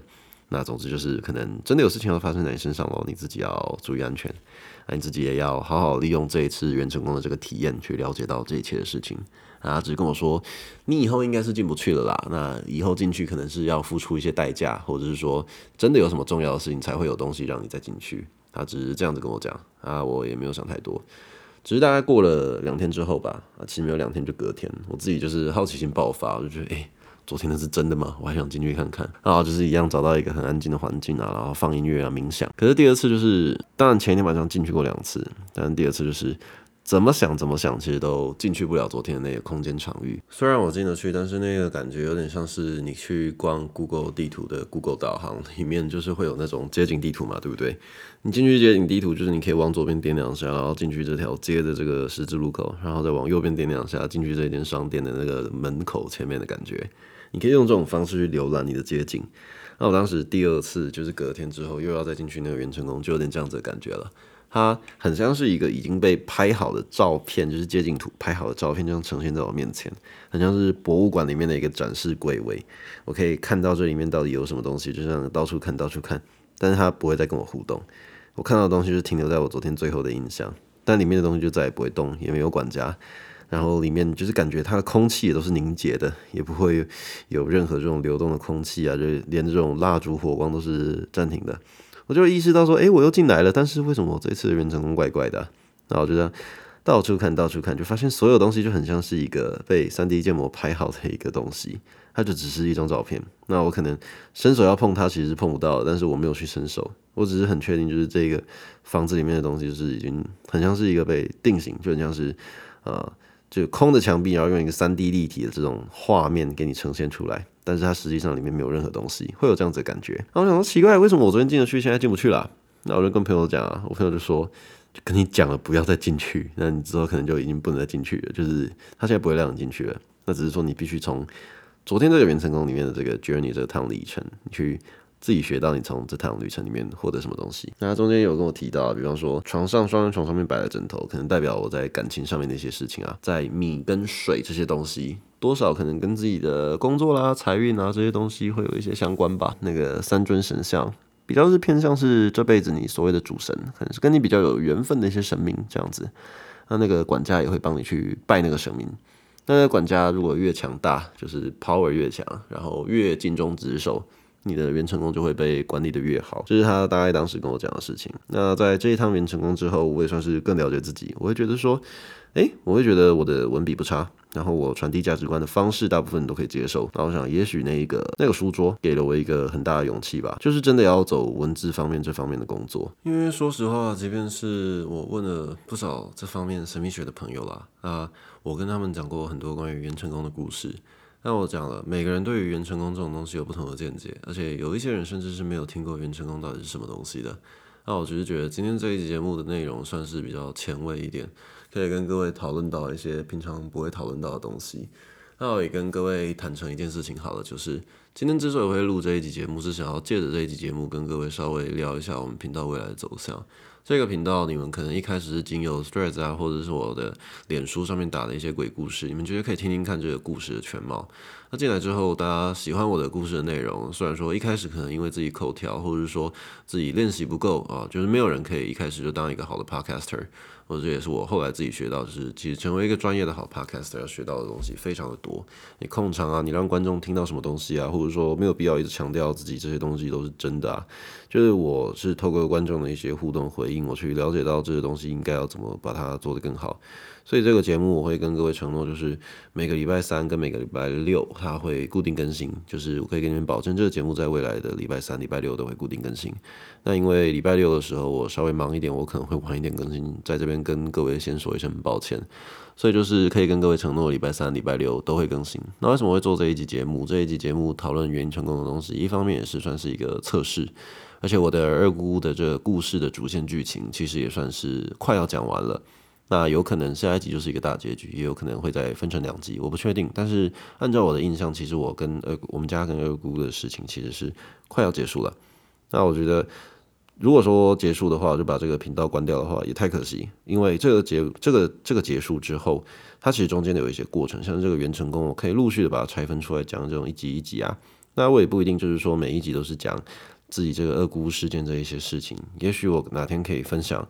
Speaker 1: 那總之就是，可能真的有事情要發生在你身上咯，你自己要注意安全。啊，你自己也要好好利用這一次元辰宮的這個體驗，去了解到這一切的事情。啊，只是跟我說，你以後應該是進不去了啦。那以後進去可能是要付出一些代價，或者是說真的有什麼重要的事情，才會有東西讓你再進去。他，啊，只是這樣子跟我講。啊，我也沒有想太多。只是大概過了兩天之後吧，啊，其實沒有兩天就隔天，我自己就是好奇心爆發，我就覺得誒，欸昨天那是真的嗎？我還想進去看看。然後、啊、就是一樣找到一個很安靜的環境啊，然後放音樂啊，冥想。可是第二次就是，當然前一天晚上進去過兩次，但第二次就是怎麼想怎麼想，其實都進去不了昨天的那個空間場域。雖然我進得去，但是那個感覺有點像是你去逛 Google 地圖的 Google 導航裡面，就是會有那種街景地圖嘛，對不對？你進去街景地圖，就是你可以往左邊點兩下，然後進去這條街的這個十字路口，然後再往右邊點兩下，進去這間商店的那個門口前面的感覺。你可以用這種方式去瀏覽你的街景。那我當時第二次就是隔天之後又要再進去那個元辰宮，就有點這樣子的感覺了。它很像是一個已經被拍好的照片，就是街景圖拍好的照片這樣呈現在我面前，很像是博物館裡面的一個展示櫃位。我可以看到這裡面到底有什麼東西，就像到處看到處看，但是它不會再跟我互動。我看到的東西是停留在我昨天最後的印象，但裡面的東西就再也不會動，也沒有管家。然後裡面就是感覺它的空氣也都是凝結的，也不會有任何這種流動的空氣啊，就連這種蠟燭火光都是暫停的。我就意識到說，誒，我又進來了，但是為什麼我這次的元辰宮怪怪的啊？那我就這樣到處看，到處看，就發現所有東西就很像是一個被三 D 建模拍好的一個東西，它就只是一張照片。那我可能伸手要碰它，其實碰不到，但是我沒有去伸手，我只是很確定，就是這個房子裡面的東西就是已經很像是一個被定型，就很像是呃。就空的牆壁，然後用一個三 D 立體的這種畫面給你呈現出來，但是它實際上裡面沒有任何東西，會有這樣子的感覺。然後我想說奇怪，為什麼我昨天進得去，現在進不去了？然後我就跟朋友講啊，我朋友就說，就跟你講了不要再進去，那你之後可能就已經不能再進去了，就是他現在不會讓你進去了。那只是說你必須從昨天這個元辰宮裡面的這個 journey 這趟旅程你去。自己學到你從這趟旅程裡面獲得什麼東西？那中間有跟我提到，比方說床上雙人床上面擺的枕頭，可能代表我在感情上面的一些事情啊，在米跟水這些東西，多少可能跟自己的工作啦、財運啊這些東西會有一些相關吧。那個三尊神像，比較是偏向是這輩子你所謂的主神，可能是跟你比較有緣分的一些神明這樣子。那那個管家也會幫你去拜那個神明。那那個管家如果越強大，就是 power 越強，然後越盡忠職守。你的元辰宮就會被管理得越好，這、就是他大概當時跟我講的事情。那在這一趟元辰宮之後，我也算是更了解自己。我會覺得說，誒、欸，我會覺得我的文筆不差，然後我傳遞價值觀的方式，大部分都可以接受。那我想，也許那個那個書桌給了我一個很大的勇氣吧，就是真的要走文字方面這方面的工作。因為說實話，即便是我問了不少這方面神秘學的朋友啦，啊、呃，我跟他們講過很多關於元辰宮的故事。那我講了，每個人對於元辰宮這種東西有不同的見解，而且有一些人甚至是沒有聽過元辰宮到底是什麼東西的。那我只是覺得今天這一集節目的內容算是比較前衛一點，可以跟各位討論到一些平常不會討論到的東西。那我也跟各位坦誠一件事情，好了，就是今天之所以我會錄這一集節目，是想要借着這一集節目跟各位稍微聊一下我們頻道未來的走向。這個頻道，你們可能一開始是經由 Threads 啊，或者是我的臉書上面打的一些鬼故事，你們覺得可以聽聽看這個故事的全貌。那進來之後，大家喜歡我的故事的內容，雖然說一開始可能因為自己口條，或者是說自己練習不夠啊，就是沒有人可以一開始就當一個好的 podcaster。或者這也是我後來自己學到，就是其實成為一個專業的好 podcaster 要學到的東西非常的多。你控場啊，你讓觀眾聽到什麼東西啊，或者說沒有必要一直強調自己這些東西都是真的啊。就是我是透過觀眾的一些互動回應，我去了解到這些東西應該要怎麼把它做得更好。所以這個節目我會跟各位承諾，就是每個禮拜三跟每個禮拜六，它會固定更新。就是我可以給你們保證，這個節目在未來的禮拜三、禮拜六都會固定更新。那因為禮拜六的時候我稍微忙一點，我可能會晚一點更新，在這邊跟各位先說一聲抱歉。所以就是可以跟各位承諾，禮拜三、禮拜六都會更新。那為什麼會做這一集節目？這一集節目討論元辰宮的東西，一方面也是算是一個測試，而且我的二姑的這個故事的主線劇情其實也算是快要講完了。那有可能下一集就是一個大結局，也有可能會再分成兩集，我不確定。但是按照我的印象，其實我跟呃我們家跟二姑的事情其實是快要結束了。那我覺得，如果說結束的話，就把這個頻道關掉的話，也太可惜。因為這個結這個這個結束之後，它其實中間的有一些過程，像這個元辰宮，我可以陸續的把它拆分出來講，這種一集一集啊。那我也不一定就是說每一集都是講自己這個二姑事件這一些事情。也許我哪天可以分享。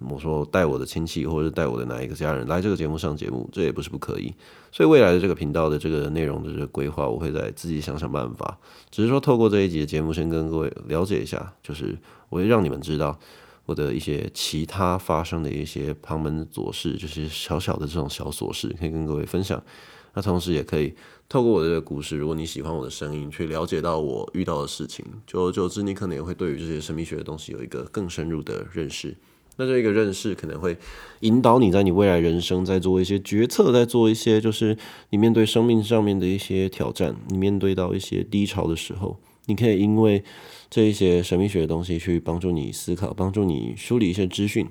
Speaker 1: 我說帶我的親戚或者帶我的哪一個家人來這個節目上節目，這也不是不可以。所以未來的這個頻道的這個內容的規劃，我會再自己想想辦法。只是說透過這一集的節目，先跟各位了解一下，就是我會讓你們知道我的一些其他發生的一些旁門左事，就是小小的這種小瑣事，可以跟各位分享。那同時也可以透過我的這個故事，如果你喜歡我的聲音，去了解到我遇到的事情，久而久之你可能也會對於這些神秘學的東西有一個更深入的認識。那這一個認識可能會引導你在你未來人生，在做一些決策，在做一些就是你面對生命上面的一些挑戰，你面對到一些低潮的時候，你可以因為這一些神秘學的東西去幫助你思考，幫助你梳理一些資訊。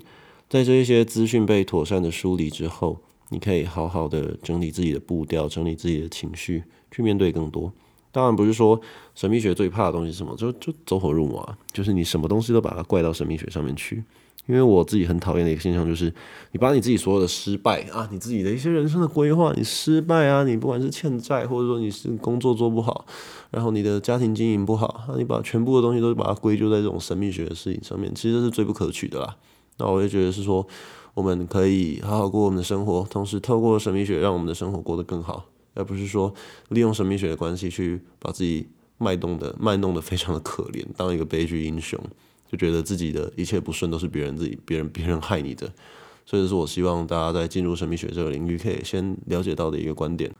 Speaker 1: 在這些資訊被妥善的梳理之後，你可以好好的整理自己的步調，整理自己的情緒，去面對更多。當然不是說神秘學最怕的東西是什麼，就就走火入魔啊，就是你什麼東西都把它怪到神秘學上面去。因為我自己很討厭的一個現象就是，你把你自己所有的失敗啊，你自己的一些人生的規劃，你失敗啊，你不管是欠債，或者說你是工作做不好，然後你的家庭經營不好，啊，你把全部的東西都把它歸咎在這種神秘學的事情上面，其實這是最不可取的啦。那我就覺得是說，我們可以好好過我們的生活，同時透過神秘學讓我們的生活過得更好，而不是說利用神秘學的關係去把自己賣弄的賣弄的非常的可憐，當一個悲劇英雄。就覺得自己的一切不順都是別人自己、別人、別人害你的，所以這是我希望大家在進入神秘學這個領域可以先了解到的一個觀點。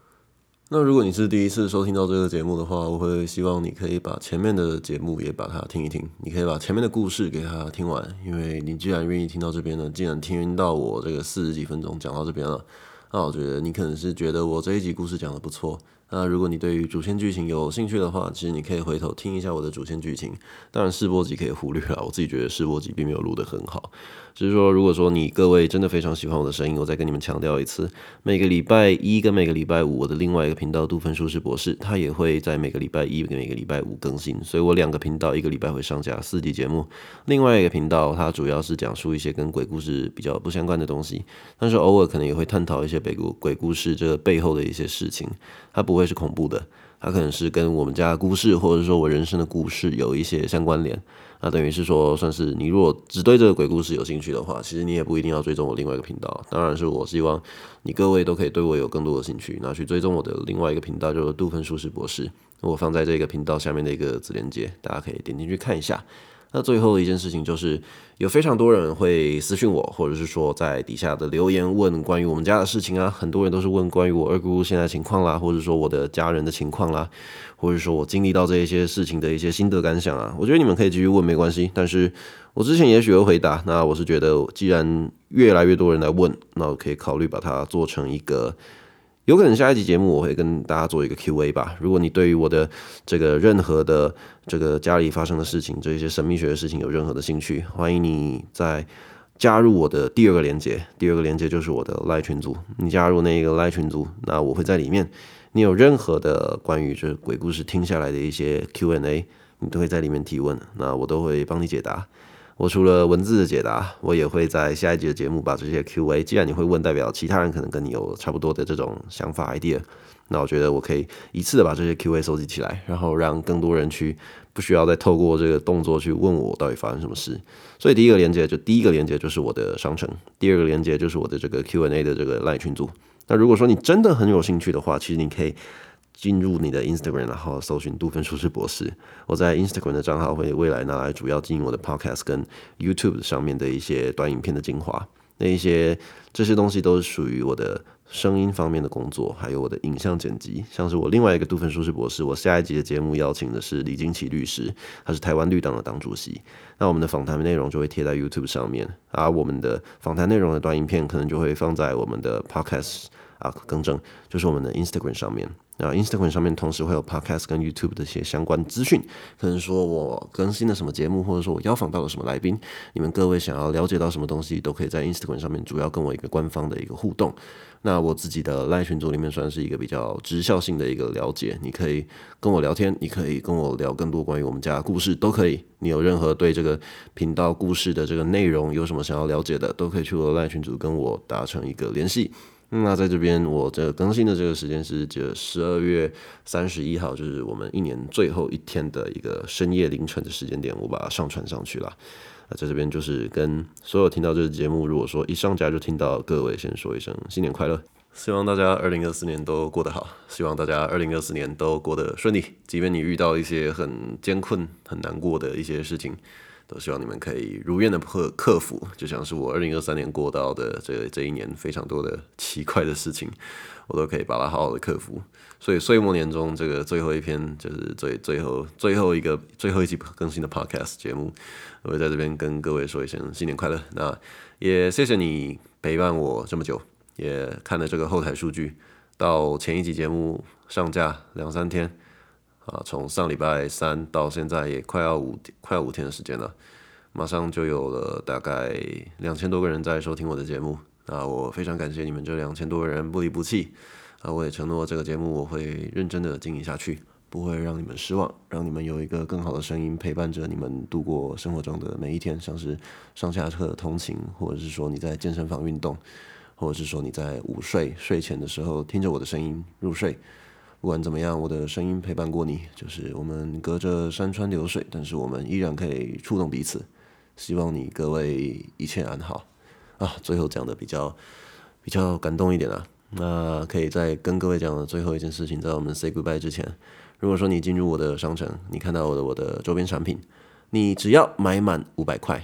Speaker 1: 那如果你是第一次收聽到這個節目的話，我會希望你可以把前面的節目也把它聽一聽，你可以把前面的故事給它聽完，因為你既然願意聽到這邊呢，既然聽到我這個四十幾分鐘講到這邊了，那我覺得你可能是覺得我這一集故事講得不錯。那如果你對於主線劇情有興趣的話，其實你可以回頭聽一下我的主線劇情。當然，試播集可以忽略了，我自己覺得試播集並沒有錄得很好。就是說，如果說你各位真的非常喜歡我的聲音，我再跟你們強調一次，每個禮拜一跟每個禮拜五，我的另外一個頻道“杜芬舒茲博士”他也會在每個禮拜一跟每個禮拜五更新。所以，我兩個頻道一個禮拜會上架四集節目。另外一個頻道，它主要是講述一些跟鬼故事比較不相關的東西，但是偶爾可能也會探討一些北鬼故事這個背後的一些事情。它不會是恐怖的，它可能是跟我們家的故事，或者說我人生的故事有一些相關聯。那等於是說，算是你如果只對這個鬼故事有興趣的話，其實你也不一定要追蹤我另外一個頻道。當然是我希望你各位都可以對我有更多的興趣，那去追蹤我的另外一個頻道，就是杜芬舒茲博士。我放在這個頻道下面的一個子鏈接，大家可以點進去看一下。那最後一件事情就是，有非常多人會私訊我，或者是說在底下的留言問關於我們家的事情啊。很多人都是問關於我二姑現在的情況啦，或者說我的家人的情況啦，或者說我經歷到這一些事情的一些心得感想啊。我覺得你們可以繼續問，沒關係。但是我之前也許會回答。那我是覺得，既然越來越多人來問，那我可以考慮把它做成一個。有可能下一集節目我會跟大家做一個 Q&A 吧。如果你對於我的這個任何的這個家裡發生的事情，這些神秘學的事情有任何的興趣，歡迎你在加入我的第二個鏈接。第二個鏈接就是我的 Line 群組，你加入那個 Line 群組，那我會在裡面。你有任何的關於這鬼故事聽下來的一些 Q&A，你都會在裡面提問，那我都會幫你解答。我除了文字的解答，我也會在下一集的節目把這些 Q A。既然你會問，代表其他人可能跟你有差不多的這種想法 idea，那我覺得我可以一次的把這些 Q A 收集起來，然後讓更多人去，不需要再透過這個動作去問我到底發生什麼事。所以第一個連接就，第一個連接就是我的商城，第二個連接就是我的這個 Q A 的這個 Line 群組。那如果說你真的很有興趣的話，其實你可以。進入你的 Instagram，然後搜尋“杜芬舒茲博士”。我在 Instagram 的賬號會未來拿來主要經營我的 Podcast 跟 YouTube 上面的一些短影片的精華。那一些這些東西都是屬於我的聲音方面的工作，還有我的影像剪輯。像是我另外一個杜芬舒茲博士，我下一集的節目邀請的是李菁琪律師，他是台灣綠黨的黨主席。那我們的訪談內容就會貼在 YouTube 上面，而、啊、我們的訪談內容的短影片可能就會放在我們的 Podcast。更正，就是我們的 Instagram 上面。那 Instagram 上面同時會有 Podcast 跟 YouTube 的一些相關資訊，可能說我更新了什麼節目，或者說我邀訪到了什麼來賓，你們各位想要了解到什麼東西，都可以在 Instagram 上面主要跟我一個官方的一個互動。那我自己的 LINE 群組裡面算是一個比較時效性的一個了解，你可以跟我聊天，你可以跟我聊更多關於我們家的故事，都可以。你有任何對這個頻道故事的這個內容有什麼想要了解的，都可以去我的 LINE 群組跟我達成一個聯繫。那在這邊，我這更新的這個時間是十二月三十一號，就是我們一年最後一天的一個深夜凌晨的時間點，我把它上傳上去了。那在這邊就是跟所有聽到這個節目，如果說一上架就聽到各位，先說一聲新年快樂，希望大家二零二四年都過得好，希望大家二零二四年都過得順利。即便你遇到一些很艱困、很難過的一些事情。都希望你們可以如願的克克服，就像是我二零二三年過到的這這一年非常多的奇怪的事情，我都可以把它好好的克服。所以歲末年終這個最後一篇就是最最後最後一個最後一集更新的 podcast 節目，我會在這邊跟各位說一聲新年快樂。那也謝謝你陪伴我這麼久，也看了這個後台數據，到前一集節目上架兩三天。啊，從上禮拜三到現在也快要五快要五天的時間了，馬上就有了大概兩千多個人在收聽我的節目。啊。我非常感謝你們這兩千多個人不離不棄。啊，我也承諾這個節目我會認真的經營下去，不會讓你們失望，讓你們有一個更好的聲音陪伴着你們度過生活中的每一天，像是上下課通勤，或者是說你在健身房運動，或者是說你在午睡睡前的時候聽着我的聲音入睡。不管怎麼樣，我的聲音陪伴過你，就是我們隔着山川流水，但是我們依然可以觸動彼此。希望你各位一切安好啊！最後講的比較比較感動一點啊，那可以再跟各位講的最後一件事情，在我們 say goodbye 之前，如果說你進入我的商城，你看到我的我的周邊產品，你只要買滿五百塊，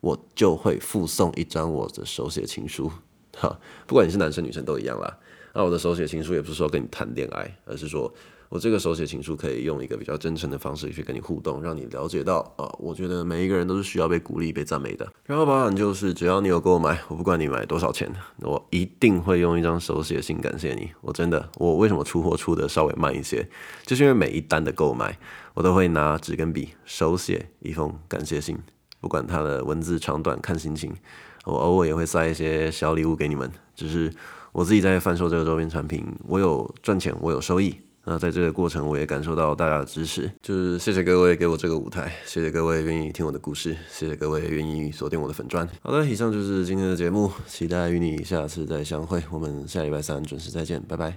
Speaker 1: 我就會附送一張我的手寫情書，哈，不管你是男生女生都一樣啦。那、啊、我的手寫情書也不是說跟你談戀愛，而是說我這個手寫情書可以用一個比較真誠的方式去跟你互動，讓你了解到，呃，我覺得每一個人都是需要被鼓勵、被讚美的。然後保養就是，只要你有購買，我不管你買多少錢，我一定會用一張手寫信感謝你。我真的，我為什麼出貨出的稍微慢一些，就是因為每一單的購買，我都會拿紙跟筆手寫一封感謝信，不管它的文字長短，看心情。我偶爾也會塞一些小禮物給你們，只、就是。我自己在販售這個周邊產品，我有賺錢，我有收益。那在這個過程，我也感受到大家的支持，就是謝謝各位給我這個舞台，謝謝各位願意聽我的故事，謝謝各位願意鎖定我的粉專。好的，以上就是今天的節目，期待與你下次再相會。我們下禮拜三準時再見，拜拜。